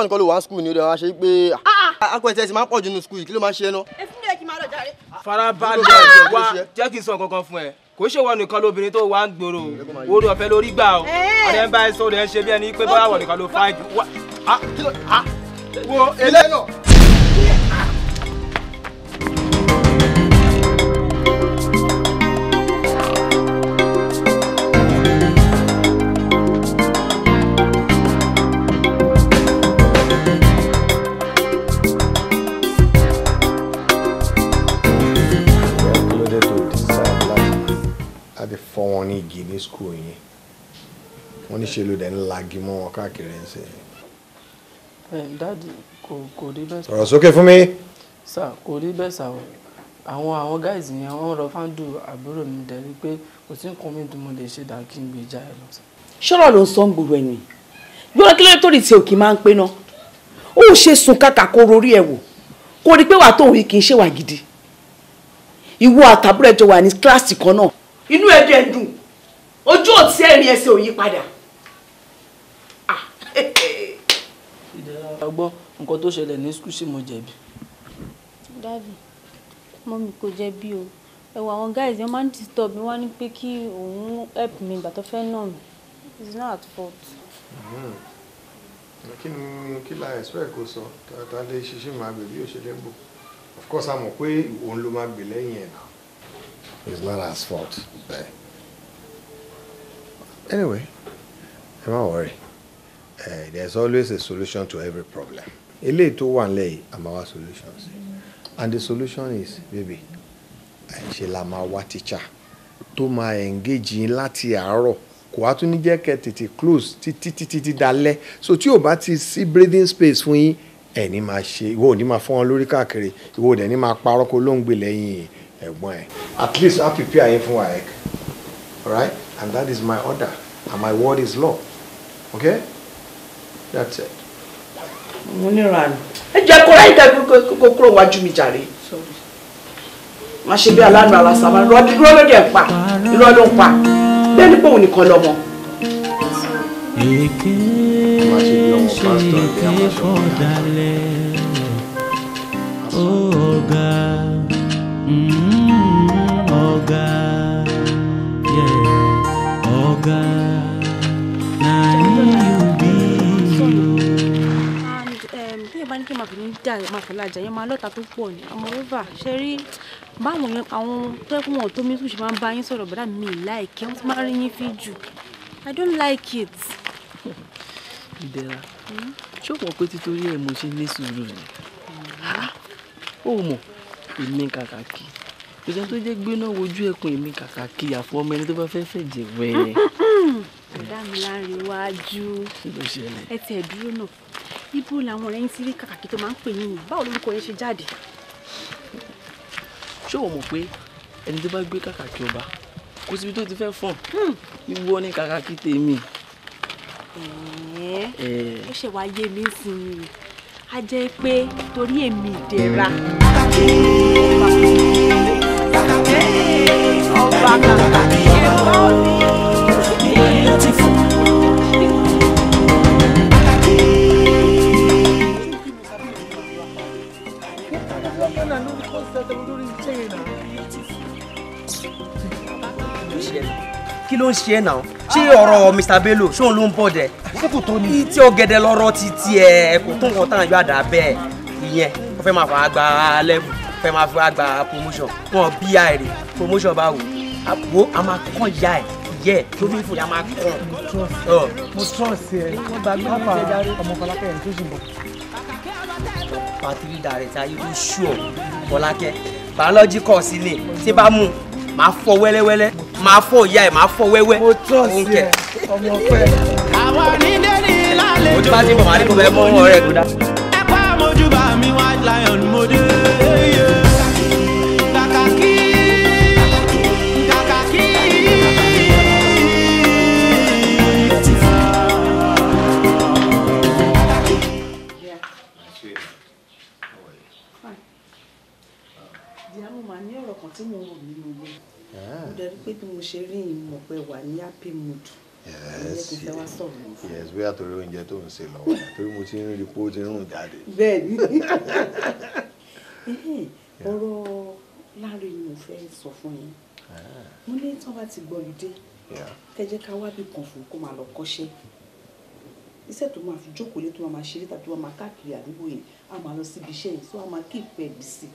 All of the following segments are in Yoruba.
ìwọ nìkan ló wà ní skul ni o dẹ̀ máa ṣe pé. akọ̀ẹ̀tẹ̀ ti máa ń pọ̀ jù ní skul yìí kí ló máa ń ṣe ẹ ná. èsì kí máa lọ jàre. farabalẹ̀ wá jẹ́ kí n sọ nǹkan fún ẹ kò ṣe wọn nìkan lóbìnrin tó wà ń gbòòrò orí ọ̀fẹ́ lórí gbà o ọ̀rẹ́ ń bá ẹ sọ̀rọ̀ ẹ ń ṣe bí ẹni pé bọ́yá nìkan ló fà á. Ah, ah. wo eléyìí. fọ́ wọn ní igi ní skul yẹn wọ́n ní ṣe ló dẹ̀ ń lagi mọ́ wọn káàkiri ń sè. Eh, dáàdi kò kò rí bẹ́ẹ̀ sà. ọ̀rọ̀ sókè fún mi. sà kò rí bẹ́ẹ̀ sà o àwọn àwọn gáìsì yẹn wọ́n lọ fáńdù àbúrò mi dẹ̀ rí pé kò sí nǹkan mi dùn mo lè ṣe dàkí ń gbé ìjà ẹ lọ. ṣọ́rọ̀ ló ń sọ ń gbòòrò ẹ̀yìn gbọ́dọ̀ kí ló tó rí tí òkì máa ń pé ná ó ṣe sùn kàkà kó rorí ẹ̀ wò kó rí pé wàá tóun yìí kì í ṣèwà gidi ìwọ àtàbúrò wà ní kíláàsì kan náà inú ẹ̀dẹ̀ dùn ojú òtí ẹ̀rin ẹsẹ̀ ò yí padà. Ah, eh, eh. gbọ́ nǹkan tó ṣẹlẹ̀ ní skul ṣì mo jẹ̀bi. dádì mọ́mí kò jẹ̀bi o ẹ̀wọ̀ àwọn guys yẹn máa ń disturb mi wá ní pé kí òun help me, ìgbà tó fẹ́ nà mí it's not at fault. Hmm. kí ni kí la expect kó sọ tá a lè ṣiṣẹ́ máa gbè bí òṣèlè ń bò of course a mọ̀ pé òun ló máa gbè lẹ́yìn ẹ̀ náà. It's not asphalt there. Eh? Anyway, don't worry. Uh, there's always a solution to every problem. A tó to one yìí, àmọ́ wá solutions. And the solution is, baby, ṣe la máa wá teacher to máa engage yín láti àárọ̀ kò wá tún ní jẹ́ kẹ́ tètè close títí títí tí dalẹ́ so tí ò bá ti sí breathing space fún yín ẹ̀ ma she ṣe ni ma phone máa fọ́n lórí káàkiri ìwọ ò dẹ̀ long máa parọ́ ẹ̀gbọ́n ẹ̀ at least I prepare yín fún wa ẹ̀ alright and that is my order and my word is law okay that's it. mo ní ìrànú ẹ jẹ́ kó ráyè kó kúrò wájú mi jàre má ṣe bí aláàánú alásàmá rọdí dúró lóde ẹ̀ pa irọ́ ló ń pa bẹ́ẹ̀ ni pé òun nìkan lọ́mọ. èké ṣe èké fọ́dálẹ̀ ọ̀gá. Mm-hmm. God, ọ̀gá ọ̀gá na you um, be. bí ẹ bá ní kí n máa fi ní dá ẹ máa fọlá àjà yẹn máa lọ́ta tó pọ̀ ni ọmọ rẹ́fà ṣe rí báwọn yẹn àwọn tó ẹkún wọn tó mi tún ṣe máa ń bá yín sọ̀rọ̀ bọ́dà mi láìkẹ́ wọ́n ti máa ń rí yín fi jù I don't like it. ìdẹ̀ra ṣé o mọ̀ pé títorí ẹ̀ mo ṣe ní sùúrù ni o mọ̀ èmi kàkà kí i kò sẹ́ni tó jẹ́ gbéná wojú ẹkùn èmi kàkà kí àfọ ọmọ ẹni tó bá fẹ́ fẹ́ jẹ wẹ̀. ọ̀dà mi láàrin iwájú ẹ ti ẹ̀ dúró náà ibo làwọn ọ̀rẹ́ yín ti rí kàkàkí tó máa ń pè yín báwo lórúkọ yẹn ṣe jáde. ṣé o mọ̀ pé ẹni tó bá gbé kàkàkí ọba kò síbi tó ti fẹ́ fọ̀n ìwọ hmm. ni kàkàkí tèmi. ẹ̀ẹ́ ó ṣe wá yé mi sí i a jẹ́ pé torí èmi ìdẹ̀ra. kàkàkí kí ló ń ṣe ẹ náà ṣé ọ̀rọ̀ Mr Bello ṣóun ló ń bọ̀ dẹ̀ tí ọ̀gẹ̀dẹ̀ lọ́rọ̀ ti tiẹ̀ kò tó nǹkan tá à ń yọ àdá bẹ́ẹ̀ ìyẹn wọ́n fẹ́ máa fà á gba lẹ́bù fẹ́ máa fi wá gba promotion wọn bí ya ẹ̀ rè promotion bá wò wo a máa kọ́ ya ẹ̀ yẹ tó fi fòyà máa kọ́. mo trọ́ọ̀sì ẹ wọ́n gba gbọ́dọ̀ ọmọ kọlákẹ́ ẹ̀ tó ṣùgbọ́n. pàtìrì dàrẹ̀ tí ayé ló ṣú ọ̀ kọlákẹ́ ni tí bá mú máa fọ wẹ́lẹ́wẹ́lẹ́ máa fọ ìyá ẹ̀ máa fọ wẹ́wẹ́. mo trọ́ọ̀sì ẹ ọmọ ọpẹ. àwọn onídẹ́ni lálẹ́. ojú bá ti bọ̀ wá ní kò fẹ́ mọ́ ọ̀rẹ́ kó dá. mo ṣe rí ìmọ̀ pé wà ní happy mood yes yes bóyá torí oúnjẹ tó ń ṣe lọ́wọ́ torí mo ti ń rí pé ó ti ń rùn jáde. bẹ́ẹ̀ni ọ̀rọ̀ láàrin ni mo fẹ́ sọ fún yín ah. mo ní tí wọ́n bá ti gbọ́lù dé kẹjẹ ká wá bí kan fún kó máa lọ kọ́ṣẹ́ iṣẹ́ tó máa fi jókòó lé tó máa máa ṣeré tó máa káàkiri àdúgbò yìí a máa lọ síbi iṣẹ́ yìí tó a máa kí ìpẹ́ bí sí.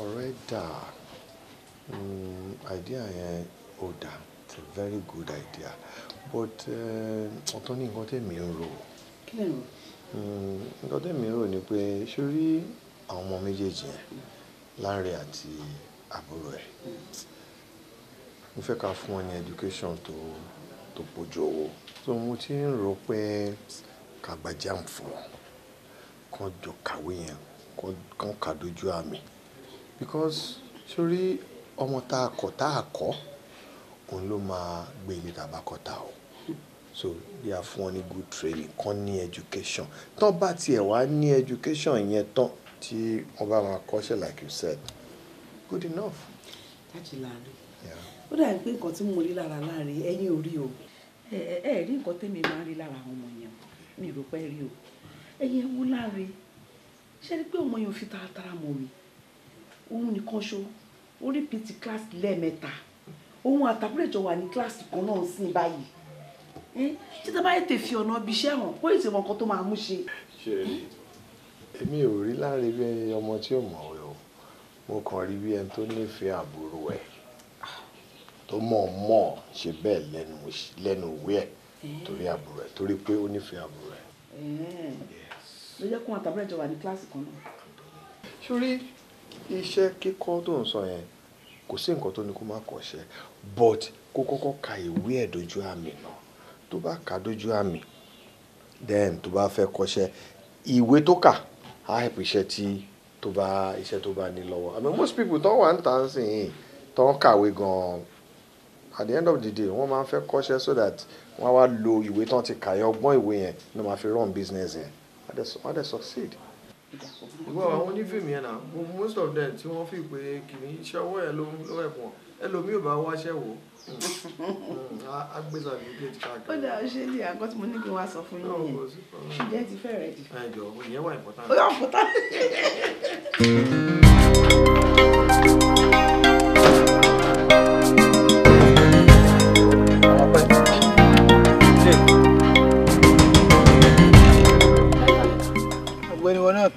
ọ̀rẹ́ dàá Mm, idea yẹn ó dáa. It's a very good idea. But eh, ọ̀tọ̀ ní nǹkan tèmi ń rò. Kí lẹ̀ ń rò? Mm, nǹkan tèmi ń rò ni pé ṣorí àwọn ọmọ méjèèjì yẹn, Lanre àti àbúrò ẹ̀, mo fẹ́ ká fún wọn ní education tó tó pójú owó. So mo ti ń rò pé ká gba JAMB fún wọn, kán jọ kàwé yẹn, kán kà àmì. Because ṣorí ọmọ tá a kọ̀ tá a kọ́ òun ló máa gbé ilé tàbá kọ́ ta o so they are fún ọ ní good training kán ní education tán bá tiẹ̀ wá ní education yẹn tán tí wọ́n bá máa kọ́ṣẹ́ like you said good enough. dájú láàrin ó dàbí pé nǹkan tí mo rí lára láàrin ẹ̀yin ò rí o ẹ ẹ rí nǹkan tẹ́mi máa ń rí lára àwọn ọmọ yẹn mi ò rò pé rí o ẹ̀yin ẹ wú láàrin ṣé ẹ rí pé ọmọ yẹn ò fi taratara mọ̀ mi òun nìkan ṣo ó rìpítì kíláàsì lẹ́ẹ̀mẹ́ta òun àtàkùrẹ̀ jọ wà ní kíláàsì kan náà sí báyìí ṣé tá a bá yẹ tè fi ọ̀nà ibi iṣẹ́ hàn kó èsì wọn kan tó máa mú ṣe. ṣe èmi ò rí láàrin bí ọmọ tí ò mọ̀ ọ́ o mo kàn rí bí ẹni tó nífẹ̀ẹ́ àbúrò ẹ̀ tó mọ̀ mọ̀ ṣe bẹ́ẹ̀ lẹ́nu òwe ẹ̀ torí àbúrò ẹ̀ torí pé ó nífẹ̀ẹ́ àbúrò ẹ̀. ló jẹ́ kó wọn àtàkùrẹ̀ jọ wà ní kíláàsì kan náà. sórí iṣẹ́ kíkọ́ tó ń sọ yẹn kò sí nǹkan tó ní kó má kọ́ṣẹ́ but kó kọ́kọ́ ka ìwé ẹ̀ dojú àmì náà tó bá kà dojú àmì then tó bá fẹ́ kọ́ṣẹ́ ìwé tó kà á help iṣẹ́ tí tó bá iṣẹ́ tó bá ní lọ́wọ́ I mean most people tó wà ń tà ń sìn yìí tó ń kàwé gan-an at the end of the day wọ́n máa ń fẹ́ kọ́ṣẹ́ so that wọ́n á wá lo ìwé tó ń ti kà yẹn ọgbọ́n ìwé yẹn ló máa fi run business yẹn wọ́n á dẹ̀ succeed ìgbà àwọn onífèmí ẹ̀ náà most of them tí wọ́n fi pé kìíní iṣẹ́ ọwọ́ ẹ̀ ló ń lọ́wọ́ ẹlòmíì ò bá wáṣẹ́ wò á hmm. hmm. gbé certificate káàkiri. ó dáa ṣe ní àgọ́ tí mo ní kí n wá sọ fún yín yẹn ṣùgbọ́n ti fẹ́ rẹ̀ jù. ẹ jọ ìyẹn wà important. ó yà important.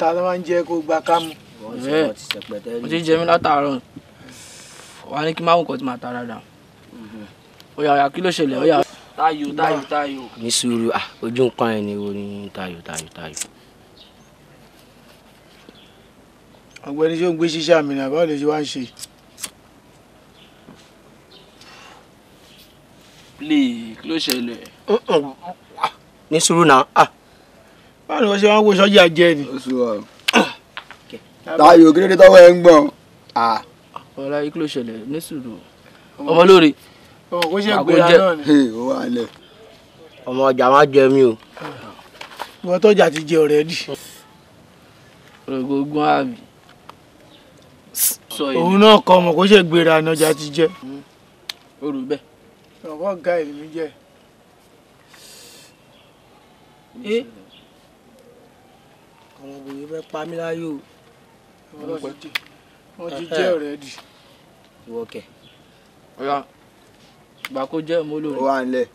ta ló máa ń jẹ́ kó gba kámú. mo ti jẹ mí látàárọ̀ wà ní kí n má wùkọ́ tí màá ta dáadáa oyà mm-hmm. oyà kí ló ṣẹlẹ̀ oyà. tayo tayo tayo. ní sùúrù ah, ojú nǹkan ẹ̀ ni wo ni tayo tayo tayo. ọ̀gbẹ́ni ṣó ń gbé ṣíṣe àmì náà báwo lè ṣe wá ń ṣe. play kí ló ṣẹlẹ̀. ní sùúrù náà. Ah báwo ni wọ́n ṣe wá ń wo sọ́jà jẹ ni. táyọ̀ kí ló dé tọ́wọ́ ẹ ń gbọ̀n. ọ̀la ikú ló ṣẹlẹ̀ ní sùúrù ọmọ lóore. ọmọ kò ṣe ìgbéra náà ni. ọmọ ọjà má jẹ mí o. ìwọ tọ́jà ti jẹ already. rògbògùn àmì. òun náà kọ ọmọ kò ṣe ìgbéra ni ọjà ti jẹ. o rò bẹ́ẹ̀. ọ̀gá ìlú mi jẹ́ wòye fẹ́ pa mí láyò. wọ́n ti jẹ́ ọ̀rẹ́ dì. ìwọ kẹ̀. ọ̀ya gbàkó jẹ́ mọ́lò. ó wà ń lẹ̀.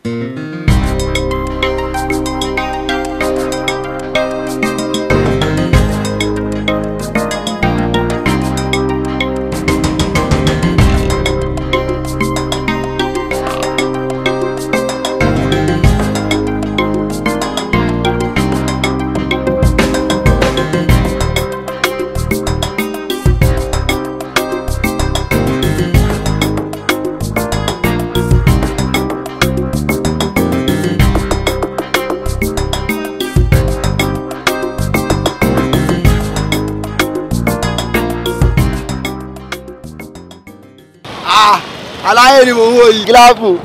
yìí gíláàbù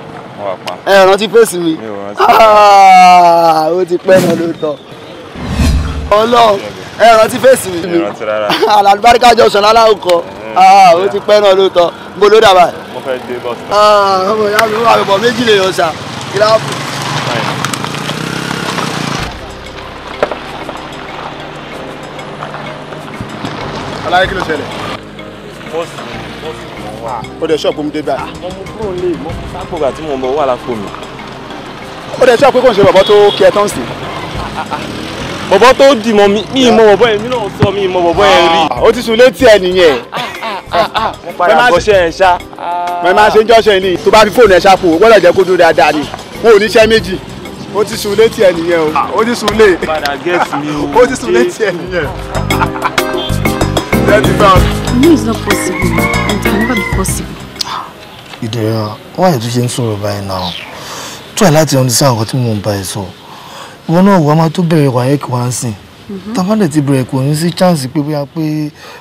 ẹ rántí fèsì mi ah, ó ti pẹ́ náà ló tọ̀ ọlọ́run ẹ rántí fèsì mi alàlùbáríkà jọ̀sán aláwùkọ ah, ó ti pẹ́ náà ló tọ̀ níbo ló dàbà. mo fẹ́ dé bọ́sì. Ah, ọmọ ìyá mi wà bọ̀ méjì lè yọ ṣá gíláàbù. aláyé kí ló ṣẹlẹ̀ ó dẹ̀ ṣọ́ọ̀pù mi dé báyìí. Ah, mo mú kúrò lè mọ sápò àti mo mọ wà lápò mi. ó dẹ̀ ṣọ́ọ̀pù kò ń ṣe bàbá tó kí ẹ tán sí. bàbá tó dì mọ́ mi mi mọ bàbá yẹn mi náà sọ mi mọ bàbá yẹn rí. Ah, ó ti sùn létí ẹ nìyẹn. mo ah, padà bọ́ṣẹ́ ẹ̀ ṣá. mo máa ṣe ń jọ́ṣẹ́ ni tó bá fi fóònù ẹ̀ ṣàpò ó gbọ́dọ̀ jẹ́ kó dúró dáadáa ni wọn ò níṣẹ́ méjì ó ti sùn létí ẹ nìyẹn o ó ti sùn lé ó ti sùn létí ẹ nìyẹn. that is not possible possible. ìdẹ̀ra wọ́n àyè tó ṣe ń sọ̀rọ̀ báyìí náà try láti understand nǹkan tí mò ń bá ẹ sọ ìwọ náà wàá máa tó bẹ̀rẹ̀ wàyẹ̀ kí wàá sìn mhm. tábàlẹ̀ ti bẹ̀rẹ̀ kò ní sí chance pé bóyá pé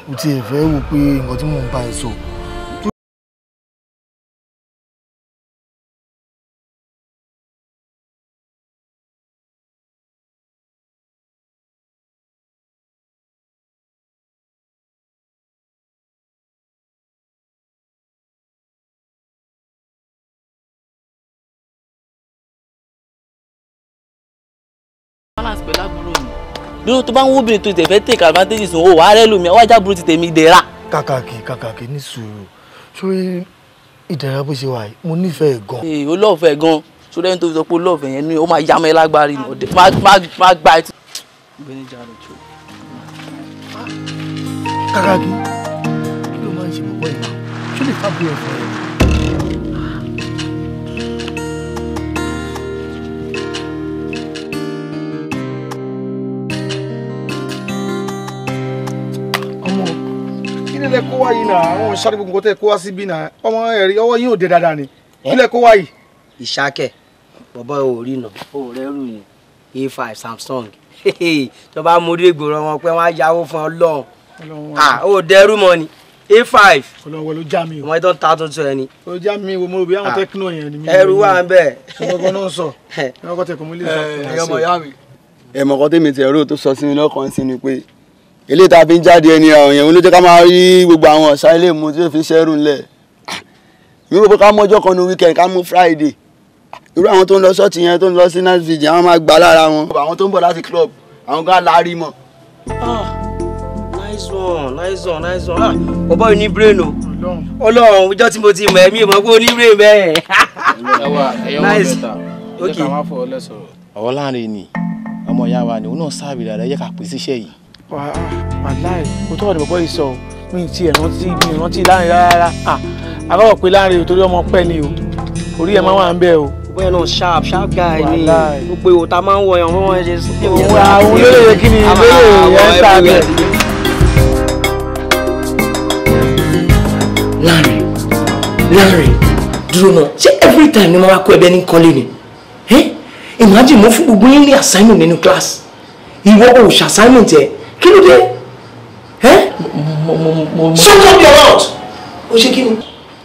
o ti ẹ̀ fẹ́ wò pé nǹkan tí mò ń bá ẹ sọ dúró tó bá ń wóbìnrin tó tẹ̀fẹ́ take advantage sùn o wàá rẹ́ lómi àwọn ajá burú ti tèmi dẹ̀ra. kàkàkì kàkàkì ní sùúrù sórí ìdẹ̀ra bó ṣe wà yìí mo nífẹ̀ẹ́ gan. ee o lọ́ọ̀fẹ́ gan sórí ẹni tó sọ pé lọ́ọ̀fẹ́ yẹn ni ó máa yá mọ́ ẹ lágbára ni ọ̀dẹ̀ má gbá ẹ. Ah! kàkàkì kí ló máa ń ṣe púpọ̀ ṣó lè fà bí ẹ̀fọ́ yẹn. tẹ́ kó wá yìí náà àwọn sáré gbogbo tẹ́ kó wá síbí náà ọmọ ẹ̀rí ọwọ́ yìí ò dé dáadáa ni kí kó wá yìí. ìṣàkẹ́ bọ̀bọ̀ nà ó rẹ́ rù yín a5 samsung tó bá mú rí gbòòrò wọn pé wọ́n á yáwó fún ọ lọ́hùn ah, ó dẹrú mọ́ ni a5. olówó ló já mi o. wọ́n tó ń ta tuntun ẹ ni. ó já mi o mo rò bí àwọn ah, tẹ́kínọ̀ yẹn ni. ẹrú wa ń bẹ̀. ọgbọ́n náà sọ ọgbọ́n tẹkùn eh, mi lè sọ. ẹ mọ̀ yá mi. ẹ mọ̀kọ́ tèmi ti ẹ̀rọ tó sọ sí lọ́kàn sí ni pé eléyìí tá fi ń jáde ẹni àwọn ló jẹ́ ká máa rí gbogbo àwọn ọ̀sá ilé mu tí ó fi ṣẹ́rù ńlẹ̀ mi rò pé ká mọ́jọ́ kan ní weekend ká mú friday irú àwọn tó ń lọ sọ́ọ̀tì yẹn tó ń lọ sí night vigil àwọn máa gbà lára wọn. àwọn tó ń bọ̀ láti club àwọn kan láàárí mọ̀. Ah, nice one nice one nice one ah, bọ́bọ́ yìí ní brain o ọlọ́run ọjọ́ tí mo ti mọ̀ ẹ̀mí ìmọ̀ pé ó ní brain bẹ́ẹ̀. ẹwà ẹyọ wọn bẹta ẹ jẹ ká láàrin ni ọmọ ìyá wa ni òun náà sáàbì rẹ̀ yẹ ká pèsè iṣẹ́ yìí wàláì òótọ́ ni bọ̀bọ́ yìí sọ mi ti ẹ̀ mi rántí láàrin rárá àbáwọ̀ ah, pé láàrin ò ọmọ pẹ́ ni o orí ẹ̀ máa wà ń bẹ́ o bóyá náà sharp sharp guy ni gbogbo ìwò tá máa ń wọ ẹ̀yàn fún wọn ṣe àwọn olóyè kí ni olóyè ẹ̀ ń ta bẹ́ẹ̀. láàrin láàrin dúró náà ṣé every time ni mo máa kó ẹbẹ ní kọ́lé ni imagine mo fún gbogbo yín ní assignment nínú class ìwọ ò ṣe assignment yẹn kí ló dé ẹ shut up your mouth o ṣe kí ni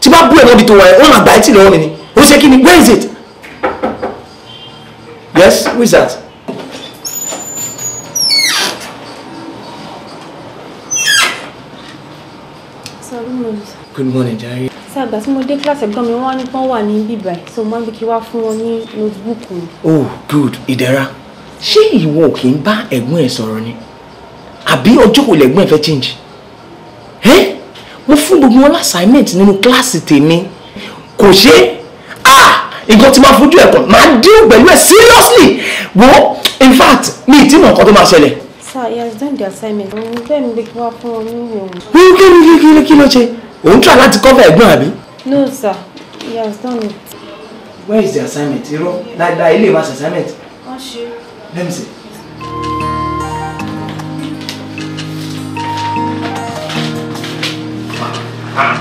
tí bá bú ẹ níbi tó wà ẹ wọn àgbà ẹ tì lọ́wọ́ mi ni o ṣe kí ni where is it yes who is that. good morning jare. sir àgbà tí mo dé kíláàsì ẹ̀gbọ́n mi wọ́n á wà ní bíbá ẹ̀ so mo máa ń gbé kí wá fún wọn ní notebook. oh good ìdẹ̀ra ṣé ìwọ ò kì í bá ẹ̀gbọ́n ẹ̀ sọ̀rọ̀ ni àbí ọjọ́ kò lẹ́gbọ́n ẹ̀ fẹ́ change ẹ́ mo fún gbogbo wọn assignment nínú kíláàsì tèmi kò ṣe ah nǹkan tí máa fojú ẹ̀ kàn máa deal pẹ̀lú ẹ̀ seriously wo in fact mi ì tí mọ̀ nǹkan tó máa ṣẹlẹ̀. sir he has done the assignment òun bẹ́ẹ̀ ni kí wọ́n fún wọn ní ìwé òun. wọ́n kí ló kí ló kí ló ṣe òun try láti cover ẹ̀gbọ́n àbí. no sir he has done it. where is the assignment irọ́ dáadáa ilé ìwà assignment. wọ́n ṣe. let me see. Are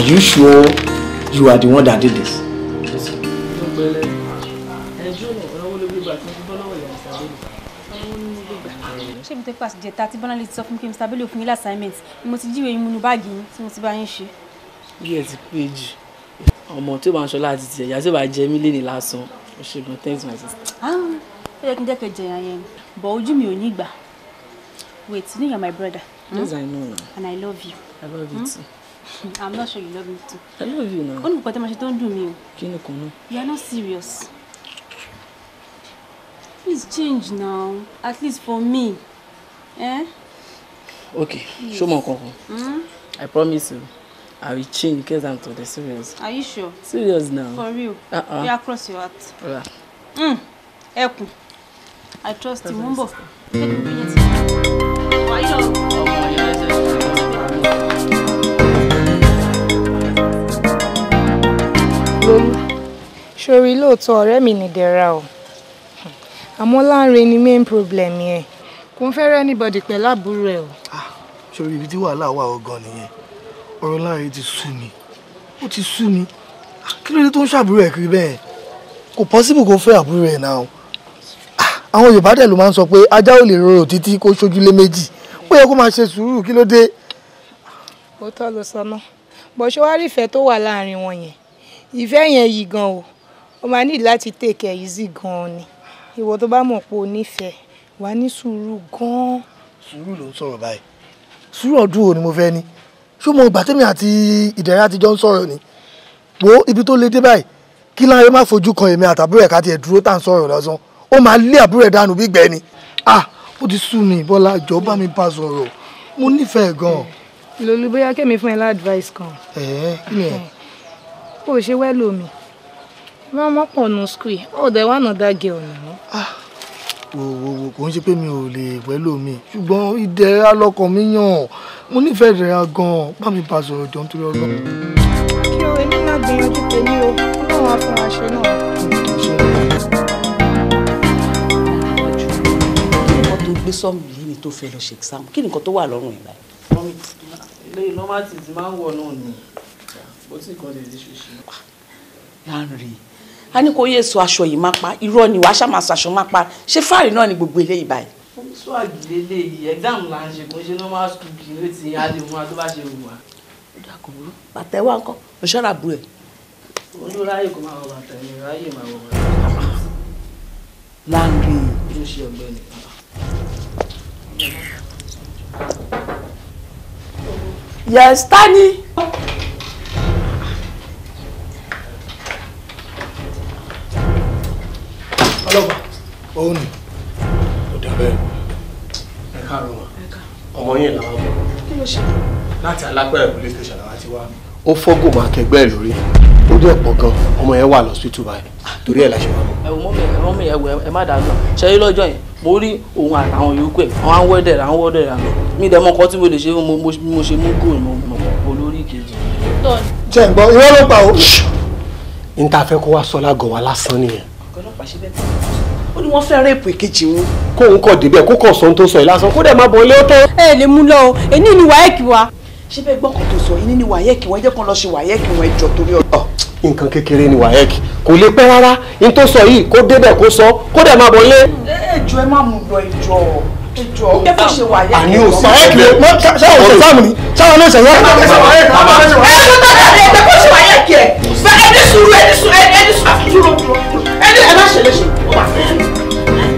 you sure you are the one that did this? ṣé mi tẹ́ pàṣẹ jẹta tí bọ́lá lè sọ fún mi kí mr bello fún yín lá assignment ni mo ti jíwèé yín múnú báàgì yín tí mo ti bá yín ṣe. yíyẹ ti péjì ọmọ tí ó bá ń ṣọlá àti tìyẹ ìyá tí ó bá jẹ mí lé ní lásán ó ṣe gan thanks my sister. Ah, ó yẹ kí n jẹ́ kẹ́ jẹ̀yàn yẹn bọ̀ ojú mi ò ní gbà wait níyàn my brother Yes, I know now. And I love you. I love you too. Hmm? I'm not sure you love me too. I love you now. Ó ní kò tẹ́ ma ṣe tó ń dùn You are not serious. Please change now, at least for me. Eh? Okay, yes. show me kankan. I promise you, I will change because I'm to the serious. Are you sure? Serious now. For real? Uh-uh. You are cross your heart. Yeah. Mm. Ẹkùn, I trust you, Mumbo. Why you? sórí lóòótọ́ ọ̀rẹ́ mi ní dẹ̀ra o àmọ́ Lanre ni main problem yẹn kò ń fẹ́rẹ́ anybody pẹ̀lú àbúrò ẹ̀ o. sórí ah, ibi tí wàhálà wà ọgàn nìyẹn ọ̀rọ̀ Lanre ti sú mi ó ti sú mi ah, kí ló dé tó ń ṣàbúrò ẹ̀ kiri bẹ́ẹ̀ kò possible kó fẹ́ àbúrò ẹ̀ náà ah, àwọn Yorùbá dẹ̀ ló máa ń sọ pé ajá ò lè rorò títí kó ṣojúlé méjì ó yẹ kó máa ṣe sùúrù kí ló dé. ó tọ́ ló sọ náà bó ṣe wá rí ìfẹ́ tó wà láàrin wọn yẹn ìfẹ́ yẹn yìí gan o ó máa ní láti take ẹ̀ easy gan-an ni ìwọ tó bá mọ̀ pé o nífẹ̀ẹ́ wàá ní sùúrù gan-an. sùúrù ló ń sọ̀rọ̀ báyìí sùúrù ọdún wo ni mo fẹ́ ni ṣó mo gbà tẹ́mi àti ìdẹ̀rẹ́ àtijọ́ ń sọ̀rọ̀ ni wo ibi tó le dé báyìí kí láyé má fojú kan èmi àtàbúrò ẹ̀ ká tiẹ̀ dúró tá à ń sọ̀rọ̀ lọ́sàn ó máa lé àbúrò ẹ̀ dànù bí gbẹ ni ah ó ti sú mi bọ́lá jọ bá mi bá sọ̀rọ̀ mo nífẹ̀ẹ́ gan-an. lolu bóyá kémi fún ẹ lá advice kan. ẹ ẹ kí ni ẹ. o ṣe wẹ́lò mi. Mama pọ̀ nù school. Oh, dẹ̀ wá nà girl nù. Ah. Wò wò wo wo ń ṣe pé mi ò lè pẹ̀lú me. You ìdẹ̀ra lọkàn mi yàn. Mo nífẹ̀ẹ́ ìdẹ̀ra gan-an. Bá mi bá sọ̀rọ̀ jọ nítorí ọlọ́run. Kí o èmi máa gbìyànjú tèmi o. Ọlọ́run á fún wa ṣe náà. tó gbé sọ́ọ̀mù yìí ni tó fẹ́ lọ ṣe exam kí nìkan tó wà lọ́rùn ìgbà yìí. mọ́mí lẹ́yìn lọ́mọ àti ìdí máa ń wọ̀ náà ni bó ti kàn lè ṣe ṣe. láàrin ah, a ní kò yé so aṣọ yìí má pa irọ́ ni wàá ṣàmà sọ aṣọ má pa ṣé fáàrí náà ni gbogbo eléyìí báyìí. sọ àgìlè eléyìí exam là ń ṣe kó ṣe normal school kì í ló ti á lè mú wa tó bá ṣe wù wá. dàkú burú bàtà ẹ wá ń kọ òṣèlú àbúrò ẹ. olóráyè kò máa wọ bàtà ẹ ráyè máa wọ bàtà láńgì. ló ṣe ọ̀gbẹ́ni. yes tani. ọlọ́pàá òun ni ó dàbẹ́ ẹ káàárọ̀ wọn ọmọ yẹn làwọn bọ̀ kí ló ṣe láti alápẹ̀rẹ̀ police station làwọn ti wá. ó fọ́gùn máa kẹgbẹ́ ẹ̀ lórí ó dẹ̀ pọ̀ gan ọmọ yẹn wà lọ́sítù báyìí torí ẹ̀ la ṣe wà. ẹ wò mọ́mí ẹ mọ́mí ẹ wò ẹ má dàgbà ṣẹ́yí lọ́jọ́ yẹn mo rí òun àtàwọn yòókù ẹ̀ àwọn awọ́dẹ̀ àwọn awọ́dẹ̀ rà mí dẹ̀ mọ́kọ́ tí mo lè ṣe mo ṣe mú góòlù mo mọ̀ olórí kejì. jẹ́ ń gbọ́ ìwọ́n ló pa o. n ta fẹ́ kó wá sọ lágọ̀ọ́ wa lásán nìyẹn ọlọ́pàá ṣe bẹ́ẹ̀ ó ní wọ́n fẹ́ rẹ́pù ìkejì wọn. kóun kọ̀ débẹ̀ kó kọ̀ sọ́n tó sọ ìlàsàn kó dẹ̀ máa bọ̀ ilé ó tó. ẹ lè mú lọ o èyí ni wàhálà wa. ṣé bẹ́ẹ̀ gbọ́kàn tó sọ yìí ni wàhálà wa ẹ jẹ́ kó lọ ṣe wàhálà wa ẹ jọ torí ọ. nǹkan kékeré ni wàhálà kò lè pẹ́ rárá n tó sọ yìí kó débẹ̀ kó sọ kó dẹ̀ máa bọ̀ ilé. ẹ jọ ẹ má mú lọ ìjọ àní ò sí ẹgbẹ́ ṣáwọn ṣe sáàmù ni ṣáwọn ló ṣe yẹ. ẹ ló tọ́jú àti ẹgbẹ́ kó ṣe wáyé kí ẹ bá ẹni sùúrù ẹni sùúrù ẹni sùúrù àfi dúró dúró ẹni ẹ má ṣe léṣe ó máa tẹ̀lé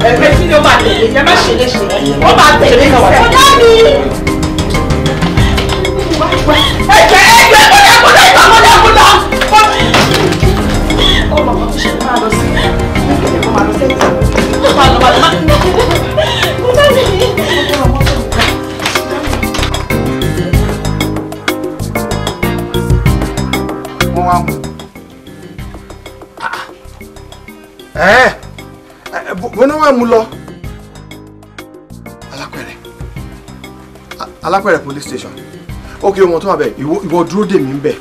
ẹgbẹ́ kí ni ó máa tẹ̀lé ẹ má ṣe léṣe ó máa tẹ̀lé ìṣẹ́. ọ̀gá mi. ẹgbẹ́ ẹgbẹ́ kúndàkúndà ìgbà kúndàkúndà. mú lọ alápẹ̀rẹ̀ alápẹ̀rẹ̀ police station ok ọmọ tó wà bẹ́ẹ̀ ìwọ dúró dè mí ń bẹ̀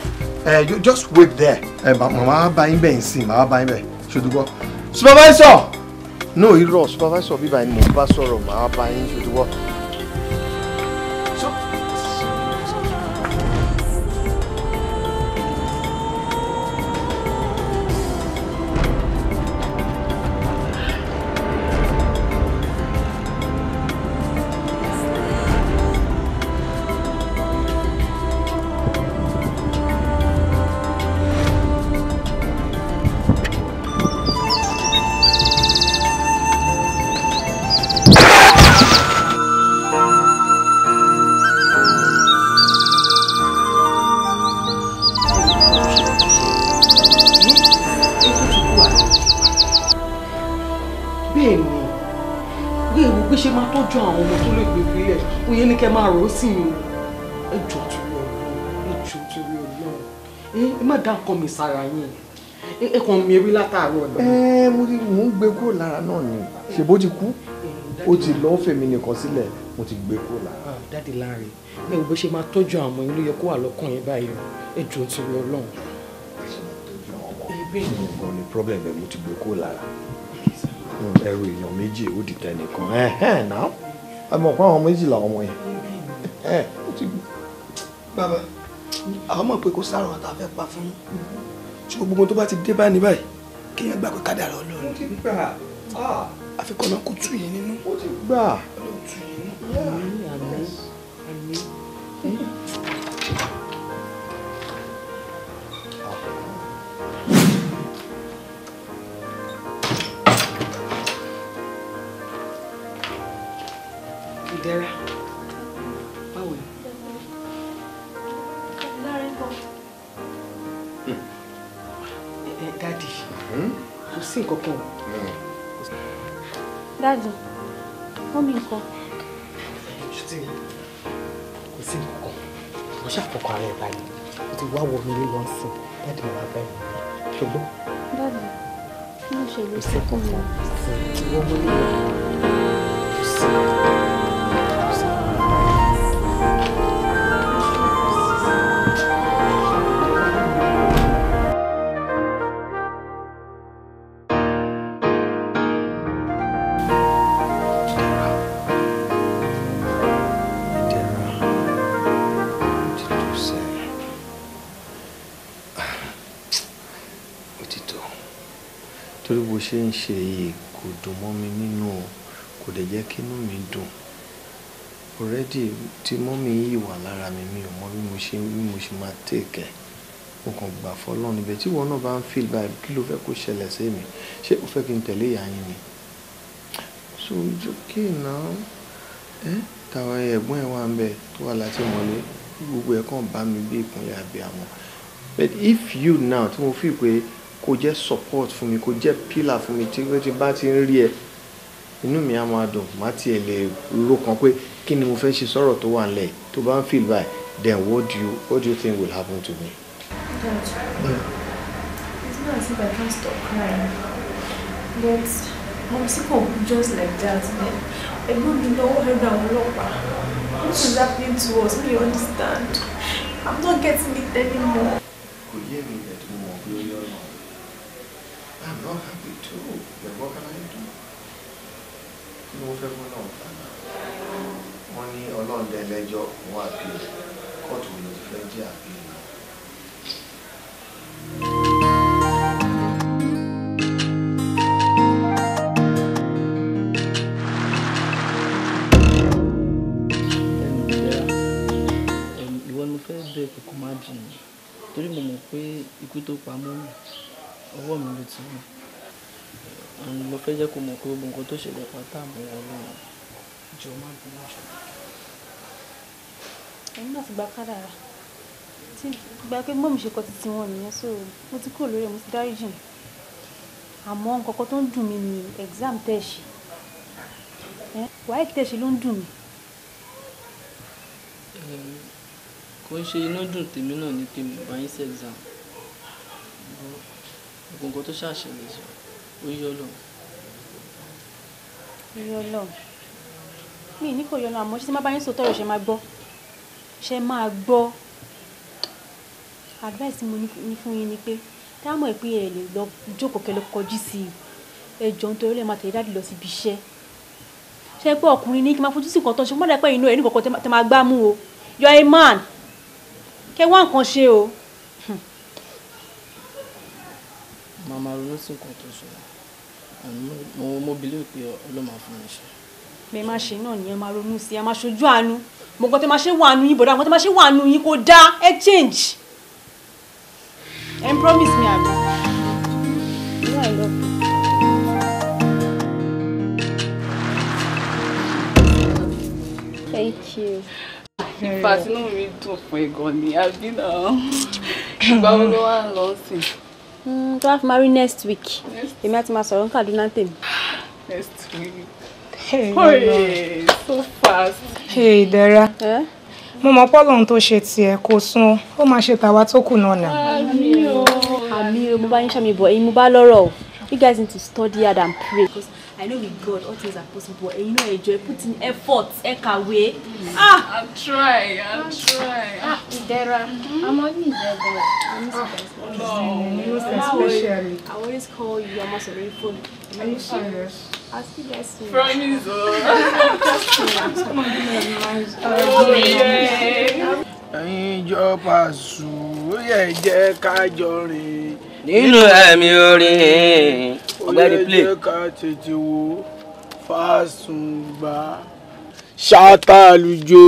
ẹ eh, just wait there. ẹ eh, màmá bá yín bẹ́ẹ̀ ń sìn màmá bá yín bẹ́ẹ̀ ṣòdúgbọ́ supervisor no irọ́ supervisor bíbá ni mo bá sọ̀rọ̀ màmá bá yín ṣòdúgbọ́. sí i ẹjọ ṣe bó ti kú ó ti lọ́ọ́ fèmí nìkan sílẹ̀ mo ti gbé kúrò lára. Ah, dáàdi láre ẹ wo ṣe máa tọ́jú àwọn ọmọ yín kó wà lọ́kàn yín báyìí ẹ jọ torí Ọlọ́run. ìgbọ̀n ni problem ẹ̀ mo ti gbé kúrò lára ẹrù èèyàn méjì ó dìtẹ̀ nìkan ẹ̀hẹ́n náà ẹ mọ̀ pé àwọn méjìlá ọmọ yẹn ẹ ó ti gbọ́. bàbá àwọn mọ̀ pé kò sáràn àtà fẹ́ pa fún ṣùgbọ́n gbogbo tó bá ti dé báyìí báyìí kéèyàn gbà pé kádàrá Ọlọ́run. ó ti gbà á. Ah, àfikún náà kò tù yín nínú. ó ti gbà á. ó ti tù yín nínú. Dádì, mọ́mí nǹkan. Ṣùtì kò sí nǹkan. Mo ṣàfọkàn ara ẹ̀ báyìí. Mo ti wá wo mi ní lọ́n sùn. Dádì mo máa bá ẹ̀ ṣùgbọ́n. Dádì, mo ṣèlú sí mọ̀. Ṣé ìwọ́n mo ní ìwọ̀n? bó ṣe ń ṣe yìí kò dùn mọ́ mi nínú o kò dẹ̀ jẹ́ kí mi dùn already tí mọ́mí yìí wà lára mi mi ò mọ bí mo ṣe bí mo ṣe máa tèkẹ́ mo kàn gbà fọlọ́run níbẹ̀ tí ìwọ náà bá ń feel báyìí kí ló fẹ́ kó ṣẹlẹ̀ sí mi ṣé o fẹ́ kí n tẹ̀lé ìyá yín ni so it's okay now ẹ́ tàwọn ẹ̀gbọ́n ẹ̀ wà ń bẹ̀ tó wà láti mọ́lé gbogbo ẹ̀ kàn bá mi bí ìpínlẹ̀ àbí àmọ́ but if you now tí mo fi pé kó jẹ́ support fún mi kó jẹ́ pillar fún mi tí wọ́n ti bá ti ń rí ẹ inú mi á máa dùn má tiẹ̀ lè ro kan pé kí ni mo fẹ́ ṣe sọ̀rọ̀ tó wà nílẹ̀ tó bá ń feel báyìí then what do you what do you think will happen to me. it's not as if I can't stop crying but mom sí kò just like that then ẹ̀gbọ́n mi lọ́wọ́ ẹ̀rọ àwọn ọlọ́pàá what is happening to us we understand I'm not getting it anymore. kò yé mi. sùúrù then what can I do kí ni wọ́n fẹ́ fún náà fàánà wọ́n ní ọlọ́run dẹ lẹ́jọ́ wọ́n àpèlè kóòtù wo ló ti fẹ́ jẹ́ àpèlè náà. bẹ́ẹ̀ kò kò má jìnnà torí mo mọ̀ pé ikú tó pa ọwọ́ mi ló ti wọ́n mo fẹ́ jẹ́ kó mọ̀ pé gbogbo nǹkan tó ṣẹlẹ̀ pátá mọ́ wọn lọ́wọ́ jọ má bínú jù. ẹ̀yin náà ti gba kádàrá tí gba pé mọ́mí ṣe kọ́ títí wọn nìyẹn so mo ti kúrò lórí ẹ̀ mo ti dárí jìn àmọ́ nǹkan kan tó ń dùn mí ni exam tẹ̀ ṣe wáyé tẹ̀ ṣe ló ń dùn mí. kò ń ṣe inú dùn tèmi náà ní pé mi bá yín sí exam gbogbo nǹkan tó ṣàṣẹlẹ̀ sọ oyè Ọlọ́run. oyè Ọlọ́run mi ní kò yọnu àmọ́ ṣé tí má bá yín sọ tọrọ ṣe máa gbọ́ ṣe máa gbọ́ advice mo ní fún yín ni pé táwọn ẹ̀ pé ẹ lè lọ jókòó kẹ lọ kọjú sí i ẹ jọ nítorí lẹ́ẹ̀ máa tẹ̀lé dáàdì lọ síbi iṣẹ́ ṣe pé ọkùnrin ní kí n máa fojú sí nǹkan tó ń ṣe fún mọ́tò ẹ̀pẹ́ inú ẹ̀ ní kọ̀ọ̀kan tẹ máa gbá mú o you are a man kẹ wá nǹkan ṣe o. màá ronú sí nǹkan tó ṣọlá mo mo believe pé ọlọ́run máa fún mi ṣe. mi máa ṣe náà nìyẹn máa ronú sí i máa ṣojú àánú mo gbọ́n máa ṣe wàánu yín bọ̀dá àwọn tó máa ṣe wàánu yín kò dáa ẹ change and promise me àgbà. Thank you. Ìfàsínú mi dùn fún ẹ̀gọ́ ni, àbí náà? Ìgbà wo ló wà lọ́sìn? To have marry next week èmi àti máa sọ̀rọ̀ ní Kaduna tèmi. next week. Hey, Oye, so fast. Hey, Dara. Eh? Mo mọ̀ pọ́lọ́hun tó ṣe tiẹ̀ kò sún ó máa ṣe tàwa tó kù náà nà. Àmì o. Àmì o, mo bá yín ṣàmì bọ̀, ẹ̀yin mo bá lọ́rọ̀ o. You guys need to study hard and pray. I know with God all things are possible but ẹ̀yin náà enjoy putting put in effort ẹ̀ mm. ah I'll try I'll ah. try. ah ìdẹ̀ra ọmọ special, ìdẹ̀ra. Ah, I always call you ọmọ sọ̀rọ̀ phone. Are you serious? I'll see you guys soon. Promise o. Oh. Oh, ẹ̀yin jọ Yeah, ó yẹ jẹ́ ká jọ rìn. nínú ẹ̀mí orin ọ̀gbẹ́ni play. ó ká tètè wo fásùngbà ṣàtàlùjọ